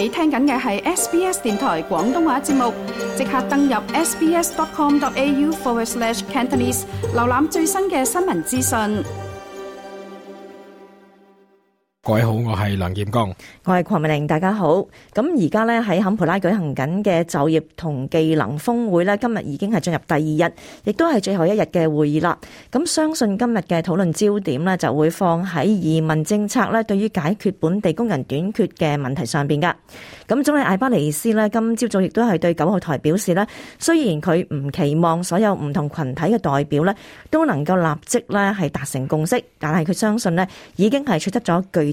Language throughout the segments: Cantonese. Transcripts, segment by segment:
你聽緊嘅係 SBS 電台廣東話節目，即刻登入 sbs.com.au/cantonese，瀏覽最新嘅新聞資訊。各位好，我係梁劍剛，我係鄺美玲，大家好。咁而家呢，喺坎培拉舉行緊嘅就業同技能峰會呢，今日已經係進入第二日，亦都係最後一日嘅會議啦。咁相信今日嘅討論焦點呢，就會放喺移民政策呢對於解決本地工人短缺嘅問題上邊噶。咁總理艾巴尼斯呢，今朝早亦都係對九號台表示呢，雖然佢唔期望所有唔同群體嘅代表呢，都能夠立即呢係達成共識，但係佢相信呢已經係取得咗巨。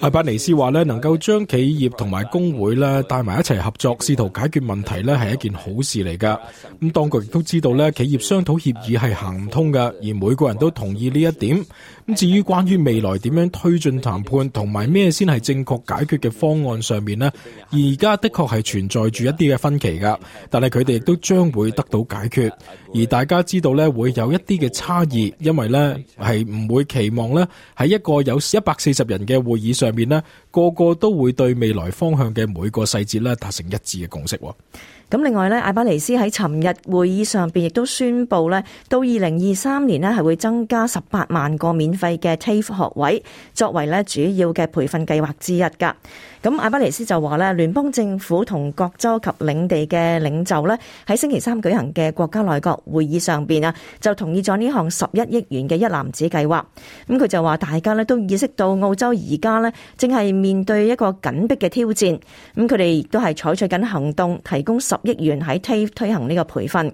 阿伯尼斯話咧，能夠將企業同埋工會咧帶埋一齊合作，試圖解決問題咧，係一件好事嚟噶。咁當局亦都知道咧，企業商討協議係行唔通噶，而每個人都同意呢一點。咁至於關於未來點樣推進談判同埋咩先係正確解決嘅方案上面呢，而家的確係存在住一啲嘅分歧噶，但係佢哋亦都將會得到解決。而大家知道咧，會有一啲嘅差異，因為咧係唔會期望咧喺一個有一百四十人嘅會議上面呢，個個都會對未來方向嘅每個細節呢，達成一致嘅共識。咁另外咧，艾巴尼斯喺尋日會議上面亦都宣布咧，到二零二三年呢係會增加十八萬個免費嘅 TAFE 學位，作為咧主要嘅培訓計劃之一㗎。咁艾巴尼斯就話咧，聯邦政府同各州及領地嘅領袖咧，喺星期三舉行嘅國家內閣會議上面啊，就同意咗呢項十一億元嘅一籃子計劃。咁佢就話大家咧都意識到澳洲而家呢，正係面對一個緊迫嘅挑戰，咁佢哋亦都係採取緊行動，提供十億元喺推推行呢個培訓，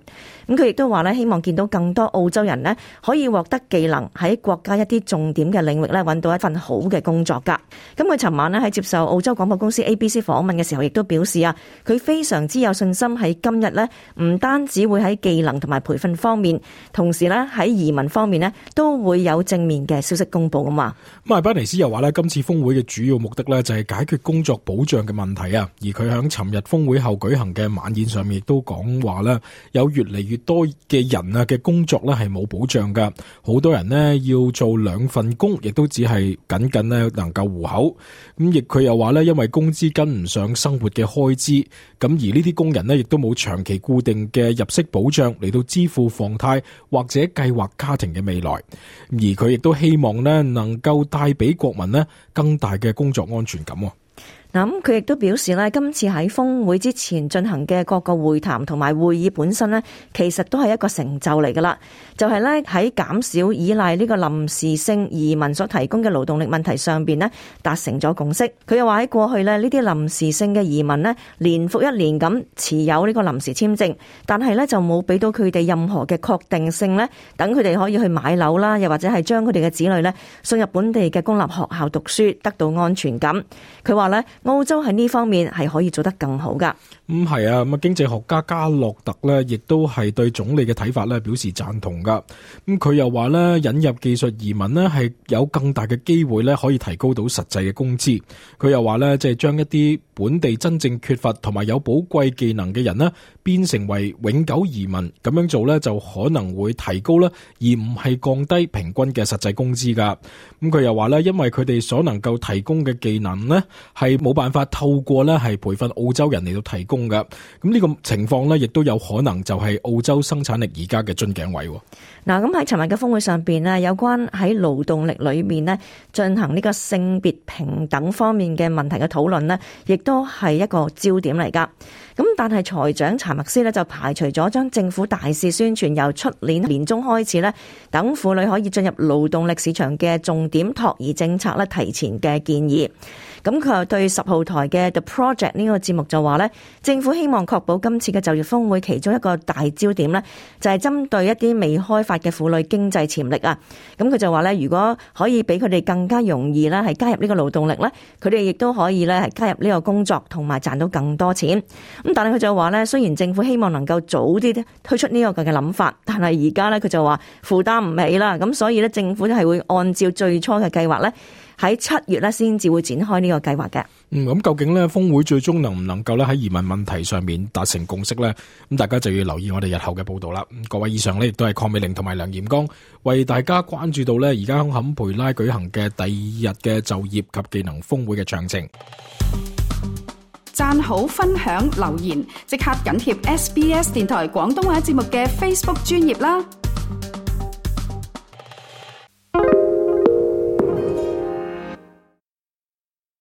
咁佢亦都話咧，希望見到更多澳洲人咧可以獲得技能，喺國家一啲重點嘅領域咧，搵到一份好嘅工作噶。咁佢尋晚咧喺接受澳洲廣播公司 ABC 訪問嘅時候，亦都表示啊，佢非常之有信心喺今日咧，唔單止會喺技能同埋培訓方面，同時咧喺移民方面咧都會有正面嘅消息公布啊嘛。咁艾巴尼斯又話咧，今次峰會嘅主要目的咧就係解決工作保障嘅問題啊，而佢響尋日峰會後舉行嘅演上面都講話啦，有越嚟越多嘅人啊嘅工作咧係冇保障噶，好多人呢要做兩份工，亦都只係僅僅能夠糊口。咁亦佢又話呢，因為工資跟唔上生活嘅開支，咁而呢啲工人呢，亦都冇長期固定嘅入息保障嚟到支付房貸或者計劃家庭嘅未來。而佢亦都希望呢，能夠帶俾國民呢更大嘅工作安全感。咁佢亦都表示咧，今次喺峰會之前進行嘅各個會談同埋會議本身呢，其實都係一個成就嚟噶啦。就係咧喺減少依賴呢個臨時性移民所提供嘅勞動力問題上邊呢，達成咗共識。佢又話，喺過去呢，呢啲臨時性嘅移民呢，年復一年咁持有呢個臨時簽證，但係呢就冇俾到佢哋任何嘅確定性呢，等佢哋可以去買樓啦，又或者係將佢哋嘅子女呢送入本地嘅公立學校讀書，得到安全感。佢話呢。澳洲喺呢方面係可以做得更好噶。咁係啊，咁、嗯、啊，經濟學家加洛特咧，亦都係對總理嘅睇法咧表示贊同噶。咁、嗯、佢又話咧，引入技術移民咧係有更大嘅機會咧，可以提高到實際嘅工資。佢又話咧，即係將一啲本地真正缺乏同埋有寶貴技能嘅人咧，變成為永久移民。咁樣做咧就可能會提高咧，而唔係降低平均嘅實際工資，噶、嗯。咁佢又話咧，因為佢哋所能夠提供嘅技能咧，係冇辦法透過咧係培訓澳洲人嚟到提供。噶，咁呢個情況呢，亦都有可能就係澳洲生產力而家嘅樽頸位喎。嗱，嗯，咁喺尋日嘅峰會上邊呢，有關喺勞動力裏面呢進行呢個性別平等方面嘅問題嘅討論呢，亦都係一個焦點嚟噶。咁但係財長查默斯呢，就排除咗將政府大肆宣傳由出年年中開始呢等婦女可以進入勞動力市場嘅重點托兒政策呢，提前嘅建議。咁佢又對十號台嘅 The Project 呢個節目就話呢，政府希望確保今次嘅就業峰會其中一個大焦點呢，就係針對一啲未開發嘅婦女經濟潛力啊。咁佢就話呢，如果可以俾佢哋更加容易呢係加入呢個勞動力呢，佢哋亦都可以呢係加入呢個工作，同埋賺到更多錢。咁但係佢就話呢，雖然政府希望能夠早啲推出呢個嘅諗法，但係而家呢，佢就話負擔唔起啦。咁所以呢，政府係會按照最初嘅計劃呢，喺七月咧，先至會展開呢個計劃嘅。嗯，咁究竟咧，峰會最終能唔能夠咧喺移民問題上面達成共識呢？咁大家就要留意我哋日後嘅報道啦。各位以上咧，亦都係鄺美玲同埋梁炎光，為大家關注到咧而家喺坎培拉舉行嘅第二日嘅就業及技能峰會嘅詳情。讚好、分享、留言，即刻緊貼 SBS 電台廣東話節目嘅 Facebook 專頁啦！